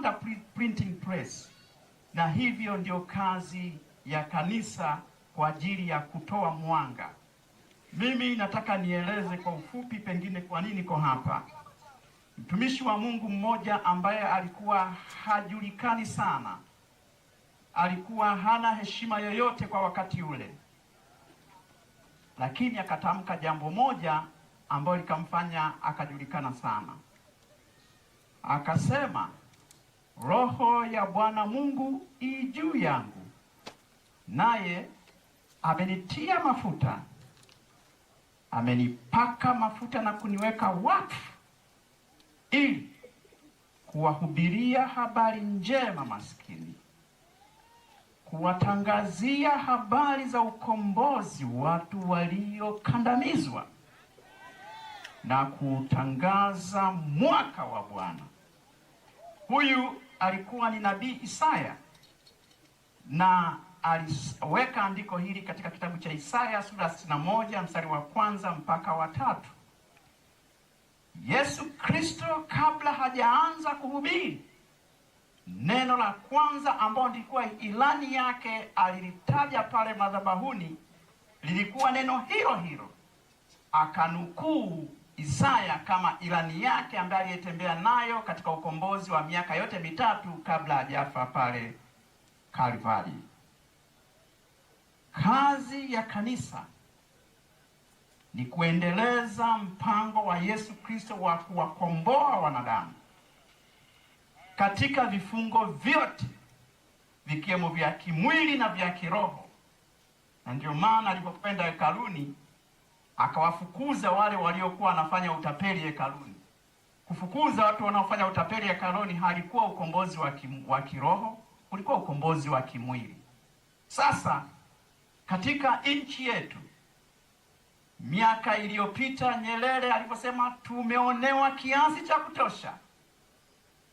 Uganda Printing Press, na hivyo ndio kazi ya kanisa kwa ajili ya kutoa mwanga. Mimi nataka nieleze kwa ufupi, pengine kwa nini niko hapa. Mtumishi wa Mungu mmoja ambaye alikuwa hajulikani sana, alikuwa hana heshima yoyote kwa wakati ule, lakini akatamka jambo moja ambayo likamfanya akajulikana sana. Akasema Roho ya Bwana Mungu i juu yangu, naye amenitia mafuta, amenipaka mafuta na kuniweka wakfu, ili kuwahubiria habari njema maskini, kuwatangazia habari za ukombozi watu waliokandamizwa, na kuutangaza mwaka wa Bwana. Huyu alikuwa ni nabii Isaya, na aliweka andiko hili katika kitabu cha Isaya sura ya sitini na moja mstari wa kwanza mpaka wa tatu. Yesu Kristo kabla hajaanza kuhubiri neno la kwanza ambao ndilikuwa ilani yake alilitaja pale madhabahuni lilikuwa neno hilo hilo, akanukuu Isaya kama ilani yake ambayo aliyetembea nayo katika ukombozi wa miaka yote mitatu kabla hajafa pale Kalvari. Kazi ya kanisa ni kuendeleza mpango wa Yesu Kristo wa kuwakomboa wanadamu katika vifungo vyote vikiwemo vya kimwili na vya kiroho, na ndio maana alipopenda hekaluni akawafukuza wale waliokuwa wanafanya utapeli hekaluni. Kufukuza watu wanaofanya utapeli hekaluni halikuwa ukombozi wa wa kiroho, ulikuwa ukombozi wa kimwili. Sasa katika nchi yetu miaka iliyopita, Nyerere aliposema tumeonewa kiasi cha kutosha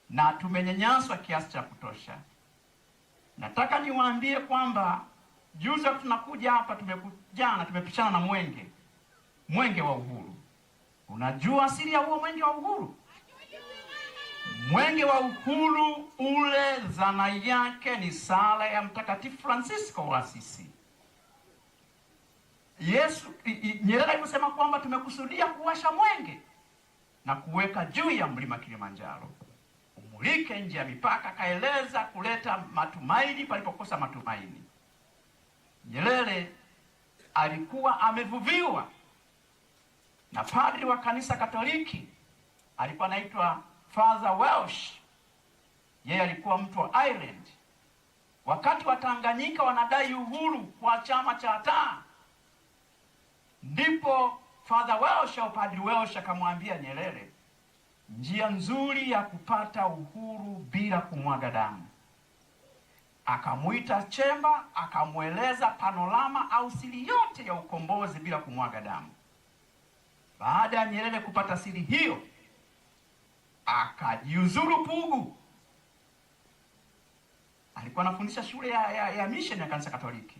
na tumenyanyaswa kiasi cha kutosha, nataka niwaambie kwamba juzi tunakuja hapa tumekujana, tumepishana na mwenge mwenge wa uhuru. Unajua asili ya huo mwenge wa uhuru? Mwenge wa uhuru ule, dhana yake ni sala ya Mtakatifu Francisco wa Assisi. Yesu Nyerere alisema kwamba tumekusudia kuwasha mwenge na kuweka juu ya mlima Kilimanjaro umulike nje ya mipaka, kaeleza kuleta matumaini palipokosa matumaini. Nyerere alikuwa amevuviwa na padri wa kanisa Katoliki alikuwa anaitwa Father Welsh, yeye alikuwa mtu wa Ireland. Wakati Watanganyika wanadai uhuru kwa chama cha taa, ndipo Father Welsh au Padri Welsh akamwambia Nyerere, njia nzuri ya kupata uhuru bila kumwaga damu. Akamwita Chemba, akamweleza panorama au siri yote ya ukombozi bila kumwaga damu. Baada ya Nyerere kupata siri hiyo, akajiuzuru Pugu. Alikuwa anafundisha shule ya, ya, ya misheni ya kanisa Katoliki,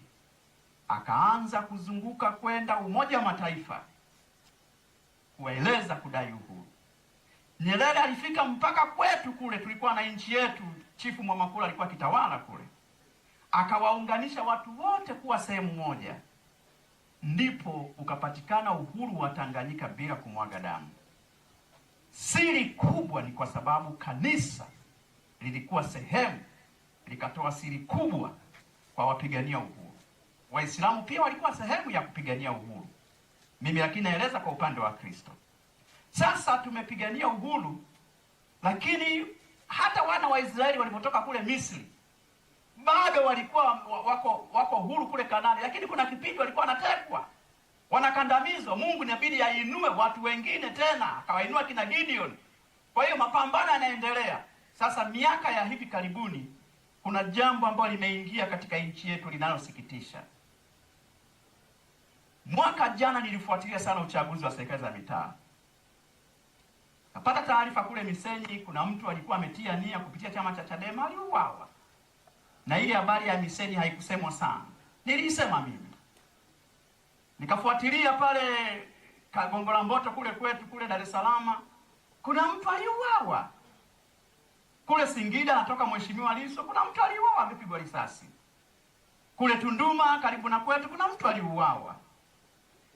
akaanza kuzunguka kwenda Umoja wa Mataifa kuwaeleza kudai uhuru. Nyerere alifika mpaka kwetu kule, tulikuwa na nchi yetu, Chifu Mwamakula alikuwa akitawala kule, akawaunganisha watu wote kuwa sehemu moja ndipo ukapatikana uhuru wa Tanganyika bila kumwaga damu. Siri kubwa ni kwa sababu kanisa lilikuwa sehemu, likatoa siri kubwa kwa wapigania uhuru. Waislamu pia walikuwa sehemu ya kupigania uhuru, mimi lakini naeleza kwa upande wa Kristo. Sasa tumepigania uhuru, lakini hata wana wa Israeli walipotoka kule Misri bado walikuwa wako wako huru kule Kanani, lakini kuna kipindi walikuwa wanatekwa, wanakandamizwa. Mungu inabidi ainue watu wengine tena, akawainua kina Gideon. Kwa hiyo mapambano yanaendelea. Sasa miaka ya hivi karibuni, kuna jambo ambalo limeingia katika nchi yetu linalosikitisha. Mwaka jana nilifuatilia sana uchaguzi wa serikali za mitaa, napata taarifa kule Misenyi kuna mtu alikuwa ametia nia kupitia chama cha Chadema aliuawa na ile habari ya miseni haikusemwa sana. Nilisema mimi nikafuatilia pale Kagongo la Mboto kule kwetu kule Dar es Salaam, kuna mtu aliuawa. Kule Singida natoka Mheshimiwa Liso, kuna mtu aliuawa amepigwa risasi. Kule Tunduma karibu na kwetu kuna mtu aliuawa,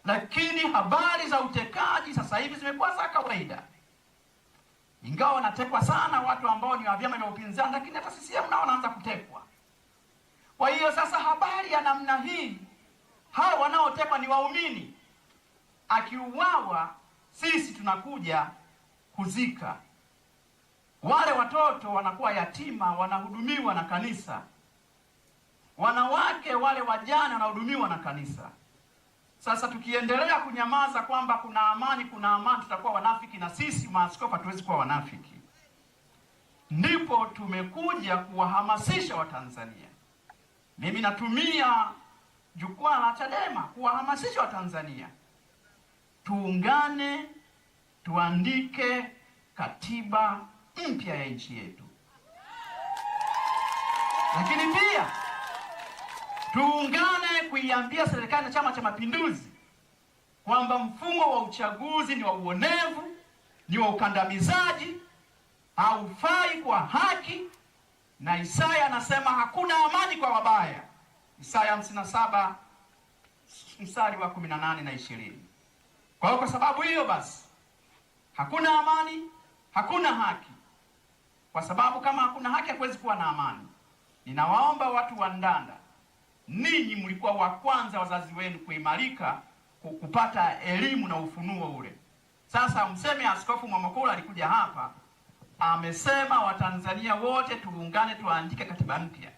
lakini habari za utekaji sasa hivi zimekuwa za kawaida, ingawa wanatekwa sana watu ambao ni wa vyama vya upinzani, lakini hata CCM nao wanaanza kutekwa. Kwa hiyo sasa, habari ya namna hii, hao wanaotekwa ni waumini. Akiuawa sisi tunakuja kuzika, wale watoto wanakuwa yatima, wanahudumiwa na kanisa, wanawake wale wajana wanahudumiwa na kanisa. Sasa tukiendelea kunyamaza kwamba kuna amani, kuna amani, tutakuwa wanafiki, na sisi maaskofu hatuwezi kuwa wanafiki. Ndipo tumekuja kuwahamasisha Watanzania mimi natumia jukwaa la Chadema kuwahamasisha Watanzania tuungane, tuandike katiba mpya ya nchi yetu, lakini pia tuungane kuiambia serikali na Chama cha Mapinduzi kwamba mfumo wa uchaguzi ni wa uonevu, ni wa ukandamizaji, haufai kwa haki na Isaya anasema hakuna amani kwa wabaya. Isaya 57 mstari wa 18 na 20. Kwa hiyo kwa sababu hiyo basi hakuna amani, hakuna haki, kwa sababu kama hakuna haki hakuwezi kuwa na amani. Ninawaomba watu wa Ndanda, ninyi mlikuwa wa kwanza wazazi wenu kuimarika kupata elimu na ufunuo ule. Sasa mseme Askofu Mwamakula alikuja hapa amesema Watanzania wote tuungane, tuandike katiba mpya.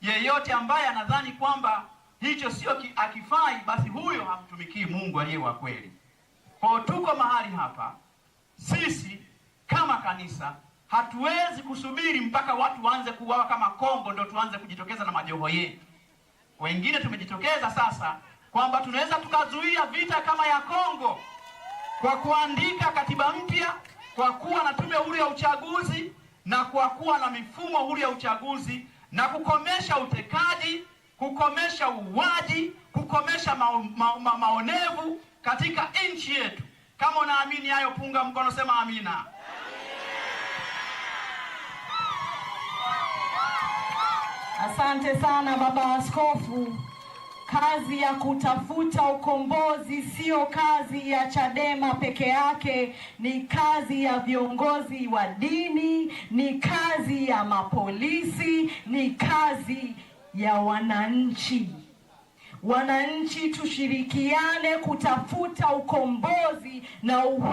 Yeyote ambaye anadhani kwamba hicho sio akifai, basi huyo hamtumikii Mungu aliye wa kweli. Kwa tuko mahali hapa sisi kama kanisa hatuwezi kusubiri mpaka watu waanze kuuawa kama Kongo ndio tuanze kujitokeza na majoho yetu. Wengine tumejitokeza sasa kwamba tunaweza tukazuia vita kama ya Kongo kwa kuandika katiba mpya kwa kuwa na tume huru ya uchaguzi na kwa kuwa na mifumo huru ya uchaguzi na kukomesha utekaji, kukomesha uuaji, kukomesha ma ma, ma, maonevu katika nchi yetu. Kama unaamini hayo, punga mkono, sema amina. Asante sana baba askofu. Kazi ya kutafuta ukombozi sio kazi ya Chadema peke yake, ni kazi ya viongozi wa dini, ni kazi ya mapolisi, ni kazi ya wananchi. Wananchi tushirikiane kutafuta ukombozi na uhuru.